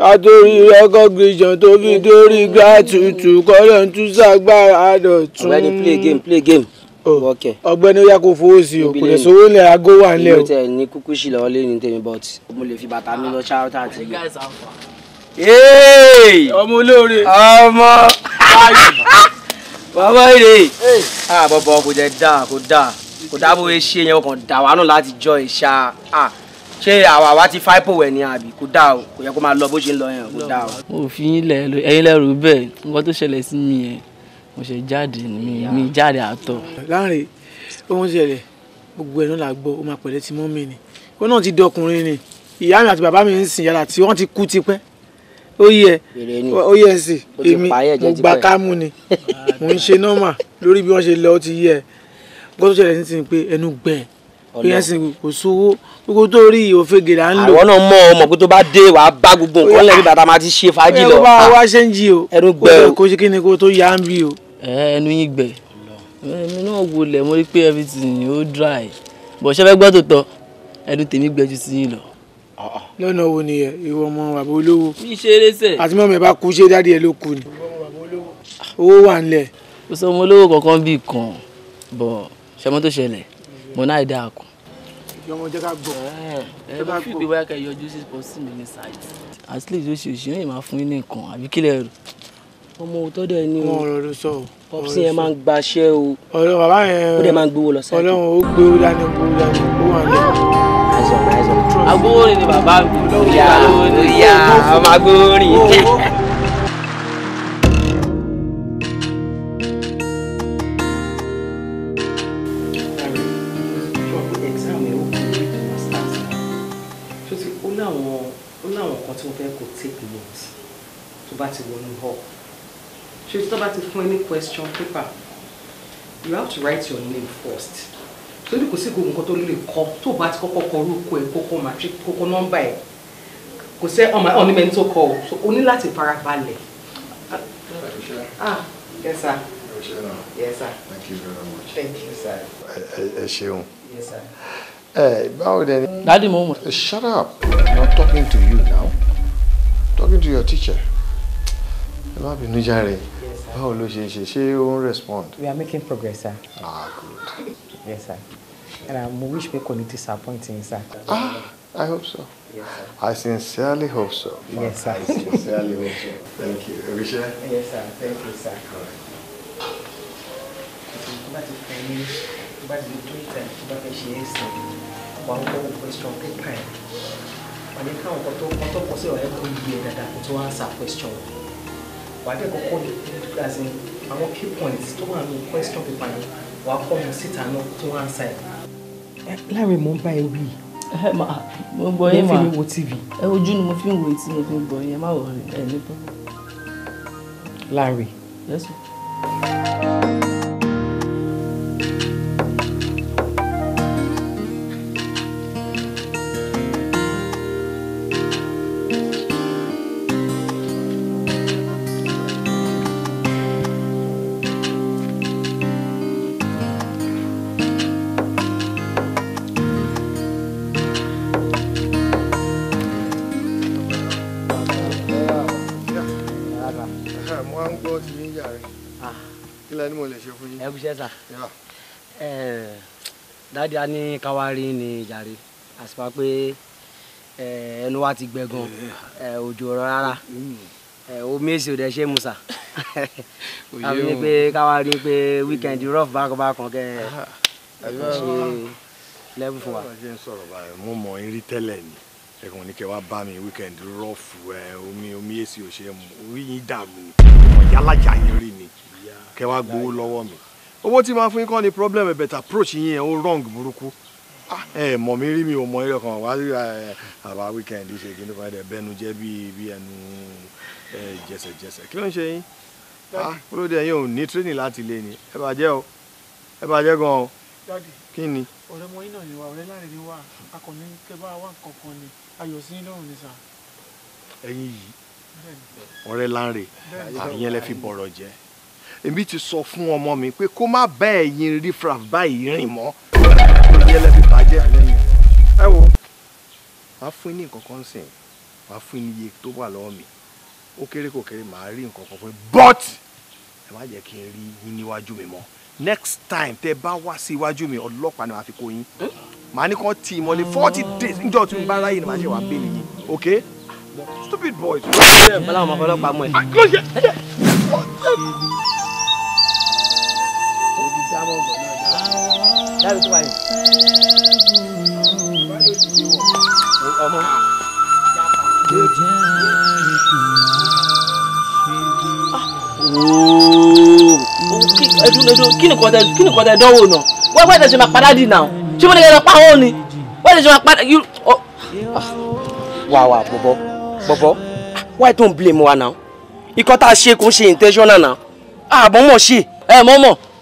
látòrí ọkọ̀ gbèjàn tó fi dórí gbá tutù kọ́lọ̀ ń tún sàgbára àdọ̀tún. ọ̀gbẹ́ni play game play game oh, ọ̀gbẹ́ni ó yá kó fowó sí o kò lè sówó lẹ aago wà ń o. ìgbésẹ̀ ní kúkú sí lọ́wọ́ lé ní but mo lè fi bàtà mi lọ ṣáátà àti ìgbà. ọmọ olóore. ọmọ bàbá èrè à ah, bọ̀bọ̀ kò jẹ́ dà kò dà kò dábò ṣe yẹn kàn dà wà náà láti jọ ìṣá à ah, ṣé àwa wa ti fáìpò ẹ̀ ni àbí kò dà o kò yẹ kó máa lọ bó ṣe ń lọ yẹn kò dà o. mo fi yín lẹ ẹ̀yin lẹrù bẹ́ẹ̀ nǹkan tó ṣẹlẹ̀ sí mi yẹn mo ṣe jáde mi mi jáde àtọ. láàrin ohun ṣẹlẹ̀ gbogbo ẹ̀ náà la gbọ́ ó máa pẹ̀lẹ́ ti mọ́ mi ni ó náà ti dọkùnrin ni ìyá mi àti bàbá mi ń sìn yàrá tí wọ́n ti kú ó yẹ ó yẹ sí èmi mo gba kámú ni mo ń ṣe nọ́mà lórí bí wọ́n ṣe lọ ti yẹ bó tó ṣẹlẹ̀ nísìnyí pé ẹnu gbẹ̀ pé ẹ̀sìn kò sówó gbogbo tó rí òfegè là ń lò. àwọn náà mọ ọmọ pé tó bá dé wàá bá gbogbo nǹkan lẹ́yìn bàtà máa ti ṣe fàájì lọ. ẹ wá ah. wá ṣe ń jí o ẹnu gbẹ̀ o kò ṣe kí ni kó tó yá ń bí o. ẹnu yín gbẹ̀ èmi náà wọlé mo rí pé everything ó dry bọ̀ ṣẹ́fẹ́ gbọ́ tó tọ ẹnu tèmi gbẹ ju sí yín lọ lọ́nà wo ni ẹ ìwọ ọmọ bàbá olówó. mi ṣe eré sẹ. àti mọ́mọ́ ẹ bá kú ṣé dáàdi ẹ ló kú ni. owó wà ńlẹ̀. kò sọ ọmọ olówó kankan bíi kan bọ̀ ṣẹmọ tó ṣẹlẹ̀ mo náà ẹ̀ dáa kù. ìjọba jẹ́ ká gbọ́. ẹ bá fi ìgbé wáyà ká yọjú sí pọ̀ sí mi ní ṣáìtì. at least ó ṣe òṣìṣẹ́ yìí máa fún yín ní nǹkan àbí kílẹ̀ rò. ọmọ òótọ́ dẹ̀ ni ọ̀rọ̀ ló sọ o àìsàn àìsàn agbóhórin ni bàbá mi ìyá ìyá ọmọ agbóhórin. bá ti wọnú hall ṣe tí tó bá ti fún ẹ ní question paper you have to write your name first torí kò sí gbogbo nǹkan tó lè kọ tó bá ti kọ́kọ́ kọ orúkọ ẹ̀ kókó matric kókó nọ́mbà ẹ̀ kò sẹ́ ọmọ ọ̀ní mẹ́ni tó kọ o so o ní láti farabalẹ̀. Ah, ah yes sir. yes sir. thank you very much. thank you sir. ẹ ṣeun. yes sir. ẹ báwo de ni. dadi mo mọ. shut up i'm not talking to you now talking to your teacher ẹ má bínú járe báwo ló ṣe ṣe ṣé ó ń respond. we are making progress sir. ah good. yes sir and i uh, mo wish pé kò ní disappoint sir. ah i hope so. Yes, sir. I sincerely hope so. Yes, sir. I sincerely hope so. Thank you. Oríṣẹ́? Yes, sir. Thank you, sir. All right. Bá ti fẹ́ ní bá ti tó ìta tó bá fẹ́ ṣe é sìn, wà á kọ́ question paper ẹ̀. Wà ní káwọn kan tó kọ́ sí ọ̀rẹ́ kó yí ẹ question wàá dẹ̀ kọ́kọ́ di as in àwọn key points tó wà ní question paper yẹn wàá kọ́ mi síta náà tó wà ń sa ẹ̀. láàrin mo ń bá ẹ wí. ẹ máa mo gbọ́ yín máa mo fi mi wo tv. ẹ ojú ni mo fi ń wo etí mo fi ń gbọ́ yín má wọ ẹ ní láàrin. yẹ́sùn. sir. Yeah. Eh, dáadé a ní káwárí ni jàre àsìpá pé eh, ẹnu wa ti gbẹ gan eh, òjò rọ rárá mm. eh, omi èsì ò dẹ ṣe mu sà àbí pé káwárí pé weekend rough bákanbákan kẹ ẹ ah. kò ṣe level fún wa. mo mọ irí tẹ́lẹ̀ ni ẹ̀kan ní kẹ́ wá bá mi weekend rough omi omi èsì ò ṣe mu orí yín dààmú ni ọ̀yá alájà yín rí ni kẹ́ wá gbowó lọ́wọ́ mi owó tí máa fún yín kọ́ ni problem ẹ̀ bẹ̀tà approach yín ẹ̀ ó wrong burúkú ah, ẹ mọ̀ mi rí mi ò mọ eré kan wá rí àbá weekend ṣe kí ló fà dé bẹnu jẹ́ bí bí ẹnu jẹsẹ̀jẹsẹ̀ kí ló ń ṣe yín ah, kó ló dé yín ò ní training láti lé ni ẹ bàjẹ́ o ẹ bàjẹ́ gan o kí ni. ọ̀rẹ́ mọ iná ni wa ọ̀rẹ́ láre ni wa akọni kẹbà wà kankan ni ayọ̀ sí lọ́rùn ni sà. ẹ̀yin yìí ọ̀rẹ́ láre àyẹ̀lẹ́ fi bọ̀rọ̀ jẹ́ èmi ti sọ fún ọmọ mi pé kó má bá ẹ̀yin rífraf báyìí rìn mọ́ ìyẹn lẹ́bi bàjẹ́ ẹ wo màá fún yín ní nǹkan kan sìn màá fún yín ní iye tó wà lọ́wọ́ mi ó kéré kò kéré màá rí nǹkan fún yín but ẹ má jẹ́ kí n rí yín níwájú mi mọ́ next time tẹ bá wá sí iwájú mi ọlọ́pàá ni màá fi kó yín màá ní kàn tì í mọ́lé forty days níjọ́ tí n bá ráyè ni màá ṣe wà bẹ́ẹ̀ nìyí ok stupid boys. bọ́lá àwọn ọmọ ọlọ́pàá mú ẹ. Ah, mọ̀ mọ̀ náà dábì tó wáyé. ọmọ kí ni kọ́tà kí ni kọ́tà dánwò náà wọ́n wọ́n ṣe máa padà dì náà ṣé wọ́n lè lọ pa wọ́n ni wọ́n ṣe máa padà yú. wà wà bọ̀bọ̀ bọ̀bọ̀ why don't blame wa now ikọ́ tá a ṣe kò ń ṣe intentional now àbọ̀ mọ̀ ṣe ẹ̀ mọ̀ mọ̀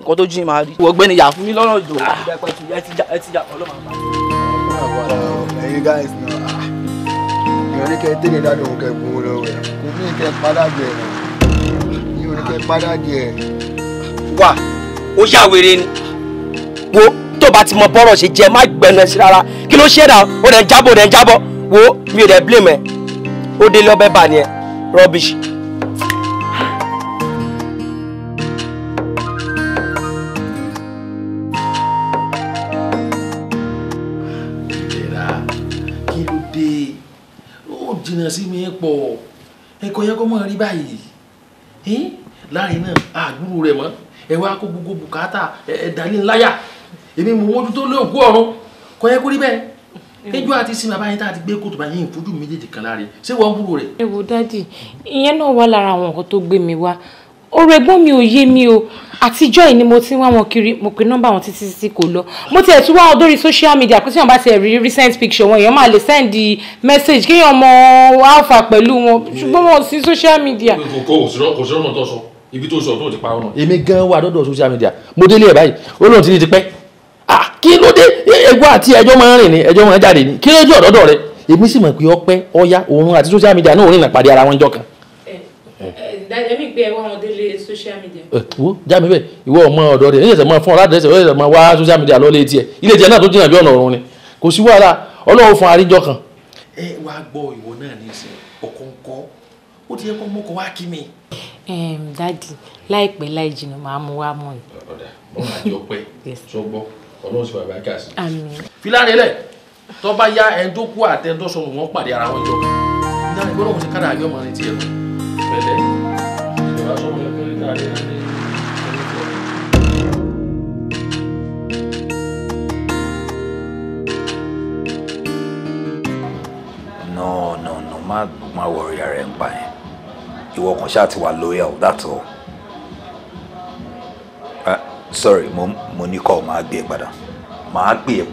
nǹkan tó jí máa rí. ọ̀gbẹ́ni yà fún mi lọ́nà jò ah. guys náà ìyọ̀n ah. ní kẹ́ ẹ tẹ́lẹ̀ dáadọ́ òun kẹ́ gbowó lọ́wọ́ ẹ̀ kò ní kẹ́ padà bẹ̀ ẹ̀ ìyọ̀n ní kẹ́ padà díẹ̀. wà ó yà wèrè ni wo tó bá ti mọ bọ́rọ̀ ṣe jẹ má gbẹnu ẹ rárá kí ló ṣe dà ó dẹ̀ ń jábọ̀ ó ń jábọ̀ wo mi ò dẹ̀ blame ẹ ó délé ọbẹ̀ bà ni ẹ rubbish. jìnnà sí mi pọ̀ ẹ̀kọ́ yẹn kọ́ mọ̀ rí báyìí láàrin náà àgbúrò rẹ̀ mọ́ ẹ wá kó gbogbo bùkátà ẹ̀ẹ́dálé ńláyà èmi mò ń mójú tó lé òkú ọ̀run kọ́ yẹ kó rí bẹ́ẹ̀ ẹjọ́ àti sin bàbá yín tá a ti gbé kóòtù bá yín ìfojú méjèèjì kan láre ṣé wọ́n gbúrò rẹ̀. ẹ wo dádì ìyẹn náà wà lára àwọn nǹkan tó gbé mi wá ọ̀rọ̀ ẹ̀gbọ́n mi ò yé mi o àtijọ́ yìí ni mo ti ń wá wọn kiri mo pe nọ́mbà wọn títí títí kò lọ mo tiẹ̀ tún wá wọn lórí social media pé tí wọn bá ti rí recent picture wọn èèyàn máa lè send message kéèyàn mọ alpha pẹ̀lú wọn ṣùgbọ́n wọn sí social media. kò sí ọ̀nà tó sọ ibi tó sọ tó ti pa ọ̀nà. èmi gan wà lọ́dọ̀ social media mo délé ẹ̀ báyìí ó ti ní ti pẹ́ ah, kí ló dé ẹgbẹ́ àti ẹjọ́ máa ń rìn ní ẹjọ́ máa ń jáde ní kí ló dé ọ̀dọ́dọ̀ rẹ èmi sì mọ̀ pé ọpẹ́ ọya òun àti social media náà òun ìnà pàdé ara wọn jọ kan Mm. Eh, ẹ̀mí pé ẹ wá wọn délé social media. Eh, wo já mi bẹ ìwọ ọmọ ọ̀dọ̀ rẹ níyẹsẹ máa fún ọ ládẹsẹ ọ yẹsẹ máa wá social media lọ létí ẹ ilé tiẹ̀ náà tó jìnnà bí ọ̀nà ọ̀run ni kò sí wàhálà ọlọ́run fún àríjọ kan. ẹ wá gbọ́ ìwọ náà ní ìsìn ọkọ ń kọ́ ó ti yẹ kó mọ́kọ wá kí mi. dadi láìpẹ́ láì jìnnà máa mú wá mọ́ ni. ọ̀dà ọ̀nà àjọpẹ́ sọgbọ́ ọlọ́run sì wà bá kí àṣì. filani lẹ tọ́ bá yá ẹni tó kú àtẹ tó sọnù wọn pàdé ara wọn jọ náà ìgbọ́dọ̀ kò sí kádà àjọ mọ́ ni lọ no no no má má wọrí ara ẹ̀ ń pa yẹn ìwọ kan ṣáà ti wà loyal that's all. Uh, sorry mo mo ní kọ́ máa gbé e padà máa gbé e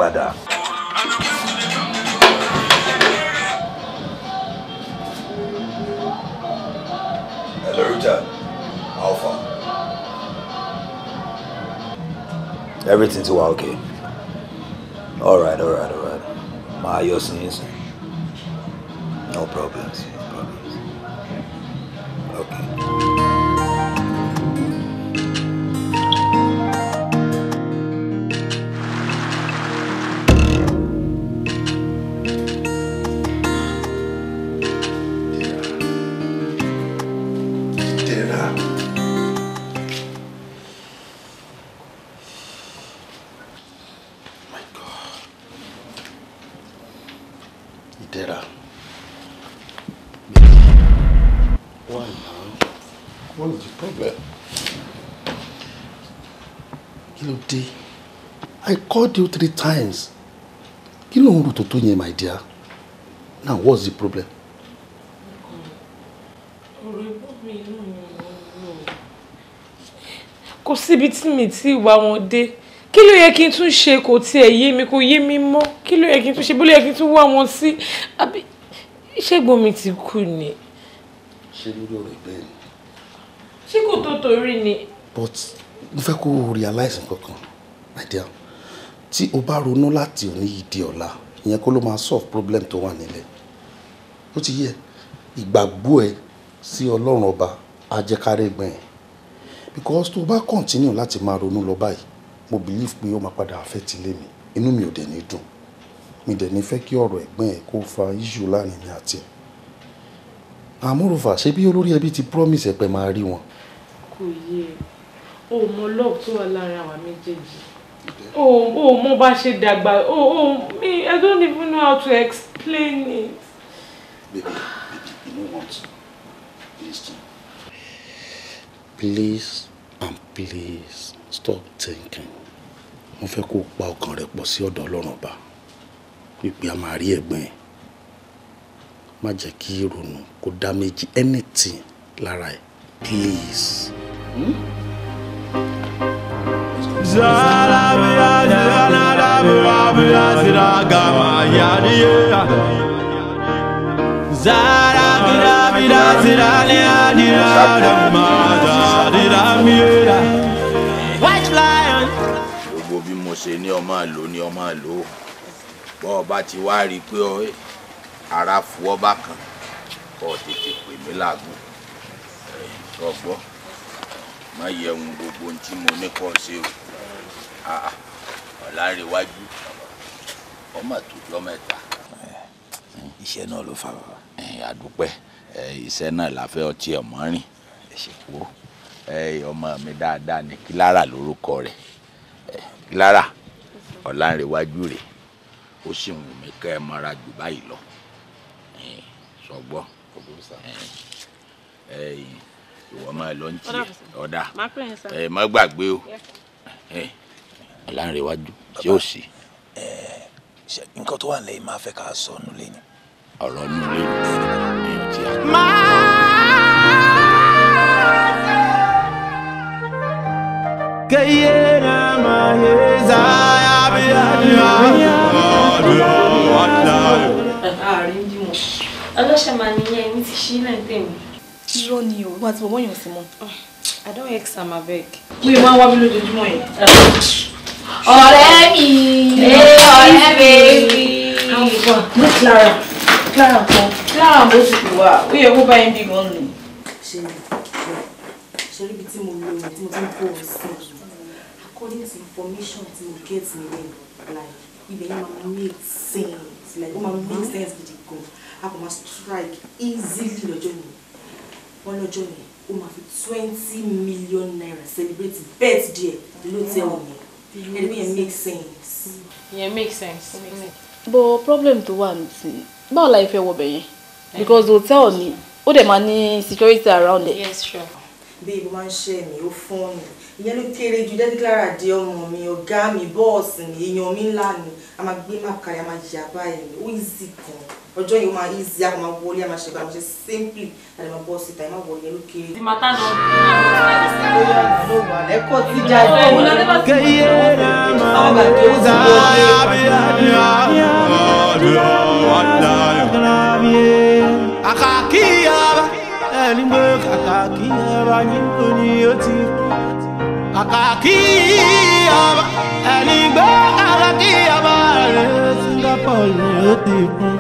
Everything's okay alright alright alright My yosin is no problems. called you three times. You know who to tó my dear? Now, what's the problem? Kò síbi tí mi ti wá wọn dé. Kí ló yẹ kí n tún ṣe kò tiẹ̀ yé mi kò yé mi mo. Kí ló yẹ kí n tún ṣe bó ló yẹ kí n tún wá wọn sí? Àbí mi ti kú ni? Ṣé lórí ọ̀rọ̀ ìbẹ́ ni? Ṣé kò tó torí ni? But mo fẹ́ kó realize nǹkan kan, my dear tí o bá ronú láti òní yìí di ọ̀la ìyẹn kó ló máa solve problem tó wà nílẹ̀ ó ti yẹ ìgbàgbọ́ ẹ sí ọlọ́run ọba ajẹ́kárẹ́ gbọ̀n ẹ̀ because tó bá continue láti máa ronú lọ báyìí mo believe pé ó máa padà affect ilé mi inú mi ò dẹ̀ ní dùn mi dẹ̀ ní fẹ́ kí ọ̀rọ̀ ẹ̀gbọ́n ẹ̀ kó fa issue láàrin mi àti ẹ̀ àmúròfà ṣé bí olórí ẹbí ti promise ẹ pé máa rí wọn. kò yẹ e. o mọ love tó wà lára àwa méjèèjì Oh, oh, mo bá ṣe dàgbà. Oh, oh, me, I don't even know how to explain it. Baby, baby, you know what? Please Please and please stop thinking. Mo fẹ́ kó pa ọkàn rẹ̀ pọ̀ sí ọ̀dọ̀ Ọlọ́run ọba. Pípé a máa rí ẹ̀gbọ́n ẹ̀. Má jẹ́ kí ìrònú kó dá méjì anything lára ẹ̀. Please. Hmm? gbogbo bí mo ṣe ní ọmọ àlò ní ọmọ àlò bọ́ ọba ti wá rí i pé ara fu ọba kan kọ́ tètè pè mí láàgùn ọgbọ́n má yẹ ohun gbogbo tí mo ní kọ́ ṣe o. Ah, ọ̀làǹrẹ̀wájú ọmọ tó jọ mẹ́ta. Eh, iṣẹ́ náà ló fà bàbá. àdúpẹ́ eh, eh, iṣẹ́ náà la fẹ́ ọtí ọmọ rìn wo ọmọ mi dáadáa ni kílára lórúkọ rẹ̀ kílára ọ̀làǹrẹ̀wájú rẹ̀ ó sì wù mí kẹ́ ẹ mọ́ra jù báyìí lọ sọgbọ́ ìwọ máa lọ ní tiẹ̀ ọ̀dà ẹ má gbàgbé o. Ọlánrewájú tí ó sì. nǹkan tó wà lẹ́yìn máa fẹ́ ká sọ nù lẹ́yìn. ọ̀rọ̀ nù lẹ́yìn èyí tí a. Keye na ma ye zaya biya biya ọdún ọdún ayọ̀. Àárín jí mọ̀, ọlọ́ṣẹ́ máa ní yẹn ní ti ṣí náà tèmi. Irọ́ ni o, wá ti mọ̀ mọ́yàn sí mọ́. Ah, I don't ex am abeg. Mi ò máa wá mi lójoojúmọ́ yẹn ọ̀rẹ́ mi ọ̀rẹ́ bèbí. ní Clara Clara kan Clara bó ti pè wá ó yẹ kó bá yín bí gan ni. ṣe ṣe ríbi tí mo lò ó tí mo ti ń kó o sí according to information tí mo get nílẹ̀ like ibẹ̀ yẹn máa make sense like ó máa make mm-hmm. sense gidi gan a kò máa strike easily lọ́jọ́ yẹn wọ́n lọ́jọ́ yẹn ó máa fi twenty million naira celebrate birthday ló tẹ́ wọn yẹn and me sense. Mm. yeah make sense. Mm. but problem tó wà ní báwo la ìfẹ́ wọbẹ̀ yẹn because hotel ni ó dẹ̀ máa ní security around it. yes sure. bí ibo máa ń ṣe mi ó fún mi ìyẹn ló kéré ju dẹ́bí clara di ọmọ mi ọ̀gá mi bọ́ọ̀sì mi èèyàn mi ńlá mi a máa gbé màkàrí a máa yà báyìí ó yí sí gan ọjọ́ yìí ó máa easy a kò máa wọlé a máa ṣe báyìí a máa ṣe simply a lè máa bọ́ síta ẹ má wọlé ló kéré. ìmọ̀ta lọ bí wọ́n lè kọ́ sí jáde. kẹ́yẹ́ náà máa ń gbọ́dọ̀ àbíyá ọ̀dọ̀ ọ̀dọ̀ àkàkíyàrá ẹni gbé kàkàkíyàrá níbo ni ó ti kú àkàkíyàrá ẹni gbé kàkàkíyàrá rẹ̀ Singapore ni ó ti kú.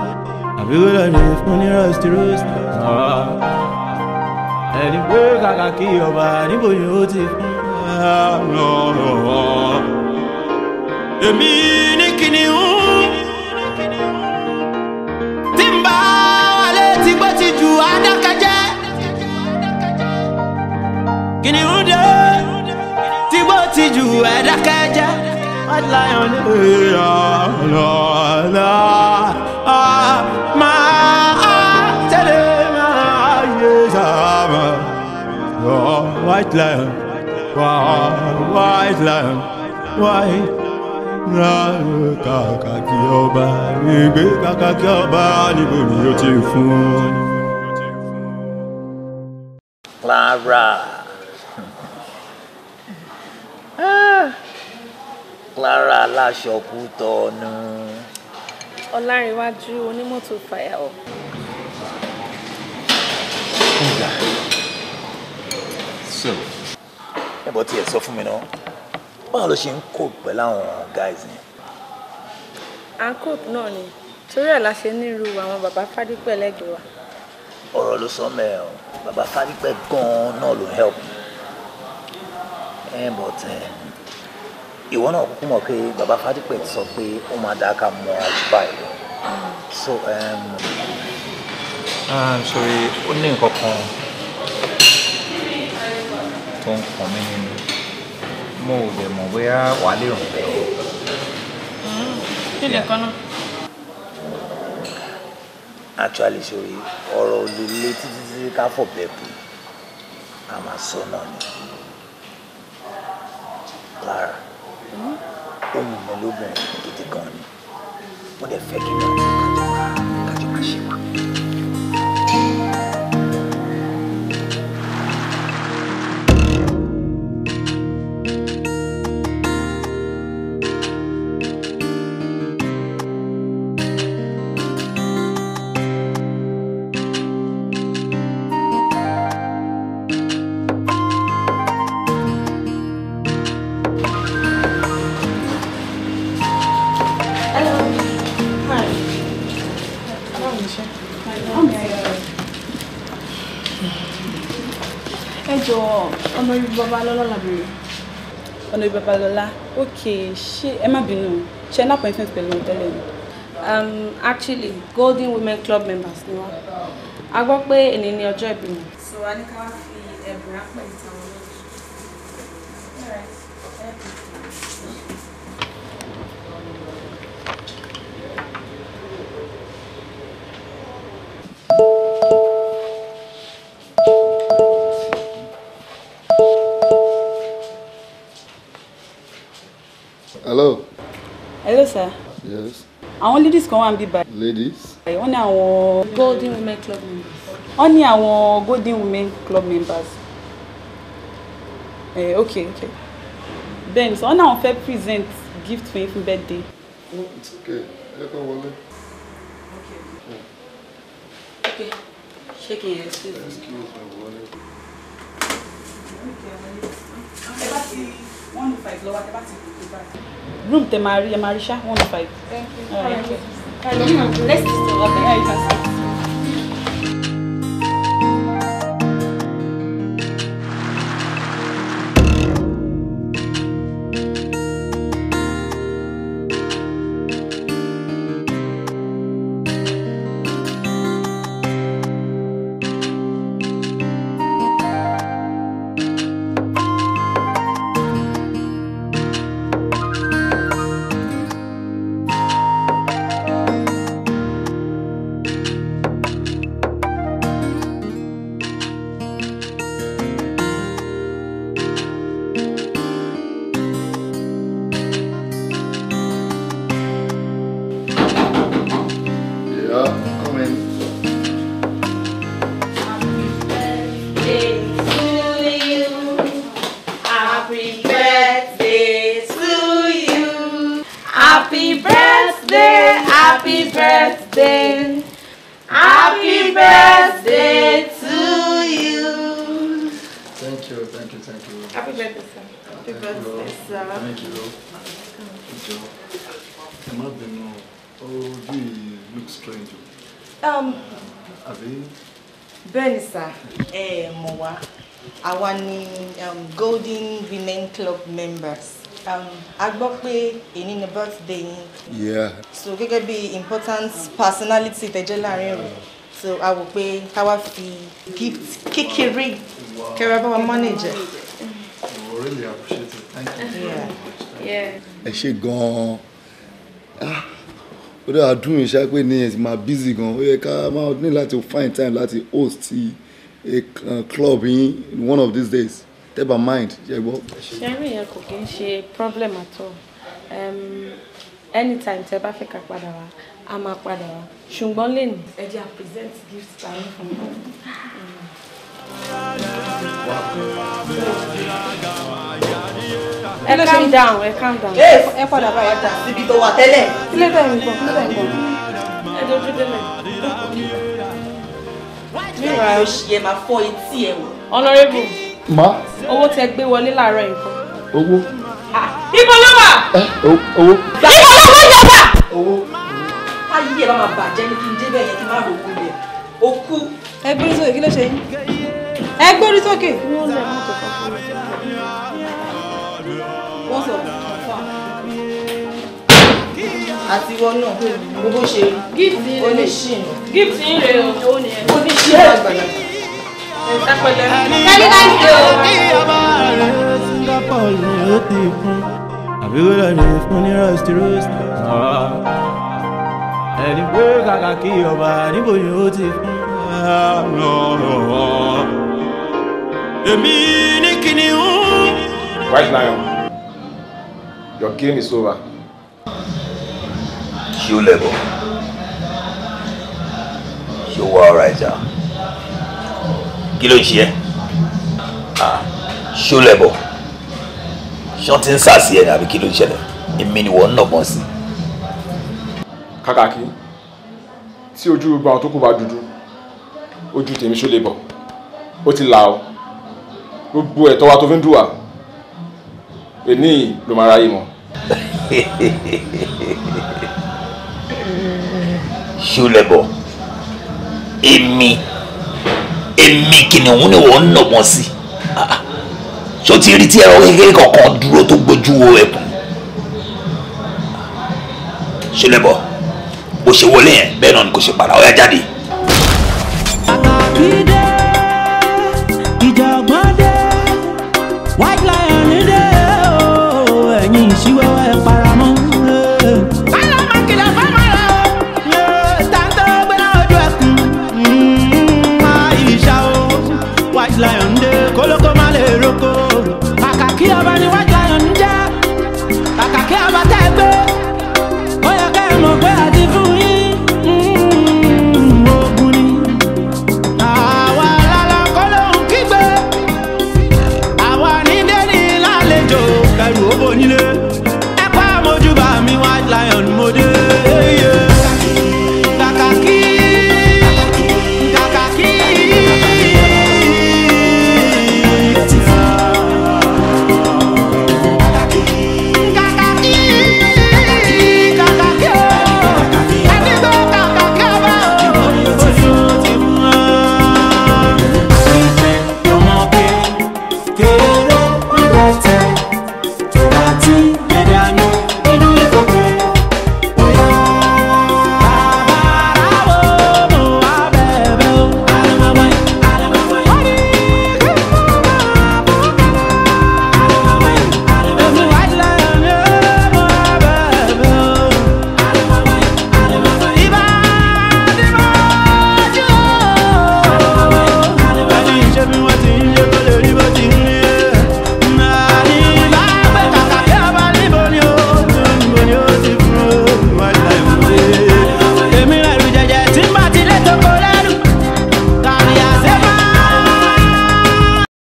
We ah. go like this, money rusty rusty. Ẹni pé kàkà kí ọba níbo ni ó ti fún no. Èmi ní kìnìún tí ń bá wà létí gbọ́ ti ju adákẹ́jẹ́. Kìnìún dé tí ti ju ẹ̀dákẹ́jẹ́. White lion dé. white lamb, white, white lamb, white. Kàkà kí ọba ìgbé kàkà kí ọba níbo ni ó ti fún ọ. Clara. Ah. Clara aláṣọ kú tọ́nu. Ọlárẹ̀wájú onímọ́tò fàyàwọ́. Ọ̀gá so. ẹ bọ́ tiẹ̀ sọ fún mi náà báwo ló ṣe ń kó pẹ̀lú àwọn guys yẹn. à ń kóòpù náà ni torí ẹ̀ la ṣe nírú àwọn bàbá fádípẹ̀ lẹ́gbẹ̀ẹ́ wa. ọ̀rọ̀ ló sọ mẹ́ ọ bàbá fádípẹ̀ gan-an náà ló help ẹ bọ̀ tẹ̀ ìwọ náà kúkú mọ̀ pé bàbá fádípẹ̀ sọ pé ó máa dá ká mọ àjùbá ẹ̀ lọ so. Um, um, sorry ó ní nǹkan kan tó ń kàn mí nínú mo ò dẹ̀ mọ̀ bóyá wà á lè ràn mí lọ́wọ́. kílẹ̀ náà. actually sori ọ̀rọ̀ olùlé títí títí ká fọ̀bẹ bù a máa sọ náà ni lára ohun mi lóbìnrin gidi gan ni mo dẹ̀ fẹ́ kí n máa kájọ máa ṣe wá. ọ̀nà Babalọ́lá okay ṣé ẹ má bínú ṣe ẹ ní appointment pẹ̀lú ọ̀tẹ́lẹ̀ mi. Um, actually Golden Women Club members ni wọ́n a gbọ́ pé ènìyàn ọjọ́ ìbí mi. sọ hello. hello sir. yes. àwọn ladies kan wà ń bí báyìí. ladies. wọ́n ní àwọn. golden women club members. wọ́n ní àwọn golden women club members. Eh, ok ok bẹ́ẹ̀ ni sọ wọ́n ní fẹ́ present gift for yín birthday. oh it's okay ẹ kọ́ wọlé. ok ṣé kí n yẹn excuse me. excuse me wọlé. ẹ bá ti one five room tẹ máa rí ẹ máa rí ṣá one five. thank you. All right. All right. Let's just go up you Thank you, thank you. Happy birthday, sir. Happy birthday, sir. Thank you. Ìjọ, ẹ má bínú, ojú yìí look strange o. Um, Àbí? Bẹ́ẹ̀ni sà, ẹ mọ̀ wá, àwa ni um, Golden Women Club members. Um, a gbọ́ pé èyí birthday Yeah. So gẹ́gẹ́ be important personality tẹ́jẹ́ láàrin rẹ̀ so I will pay. How wá fi gift kékeré kẹrẹ bá wa manager. I oh, really appreciate it thank you very yeah. much. ẹ ṣe gan-an ah, ó dáa dùn iṣẹ́ pé ní ẹ̀ ti máa busy gan ó yẹ ká máa ní láti find time láti host a club in one of these days tẹ́bà mind ṣe gbọ́. ṣẹ́rí yẹn kò kí ń ṣe problem at all um, anytime tẹ́ bá fẹ́ ká padà wá a máa padà wá ṣùgbọ́n lẹ́nu ẹ jẹ́ à present gift ta fún mi. ẹ calm down ẹ calm down ẹ padà bá ẹ dà síbi tó wà tẹ́lẹ̀. kílẹ̀ bẹ́ẹ̀ ń gbọ́ kílẹ̀ bẹ́ẹ̀ ń gbọ́ ẹ dojú délẹ̀. níwà ó ṣì yẹ máa fọ etí ẹ wò. honourable. ma. owó tẹ gbé wọlé láàárọ̀ yìí kan. owó. ibo ah, eh, ló wà. owó. ibo ló wà jọba. owó ayé ẹ bá máa bàjẹ́ ní kí n débẹ̀ yẹn kí n má rògbò yẹ o kú. ẹ gbórí sókè kí ló ṣe yín ẹ gbórí sókè. àti ìwọ náà gbogbo ṣe oníṣìnà. gift yín rèé o oníṣìnà àgbàlagbà. ìtàpẹ̀lẹ̀ ní ìyàbá rẹ̀ Singapore ni ó ti fún àbí wíwá rẹ̀ fún ní rọ́ọ̀sì rọ́ọ̀sì ẹni pé kàkà kí ọba níbo ni ó ti fún un. èmi ní kìnìún. White Lion your game is over. kí o lẹ̀ bọ̀ yóò wá ọ̀rọ̀ ẹja kí ló ń ṣe ẹ́ ṣó lẹ̀ bọ̀ ṣọ́ọ́tì ń sàṣì ẹ̀ àbí kí ló ń ṣẹlẹ̀ èmi ni wọ́n ń nọ̀gbọ́n sí i. Kakaki, tí oju gbogbo àwọn tó kù bá dúdú ojú tèmi ṣó lè bọ̀ ó ti là ó gbogbo ẹ̀tọ́ wa tó fi ń dùn wá èní ló máa ráyè mọ́. ṣó lè bọ̀ èmi èmi kìnìún ni wọ́n ń nà sí ṣó ti rí tí ẹ̀rọ kékeré kankan dúró tó gbójú wo ẹ̀kún ṣó lè bọ̀ bó ṣe wọlé yẹn bẹ́ẹ̀ náà ni kò ṣe padà ó jáde.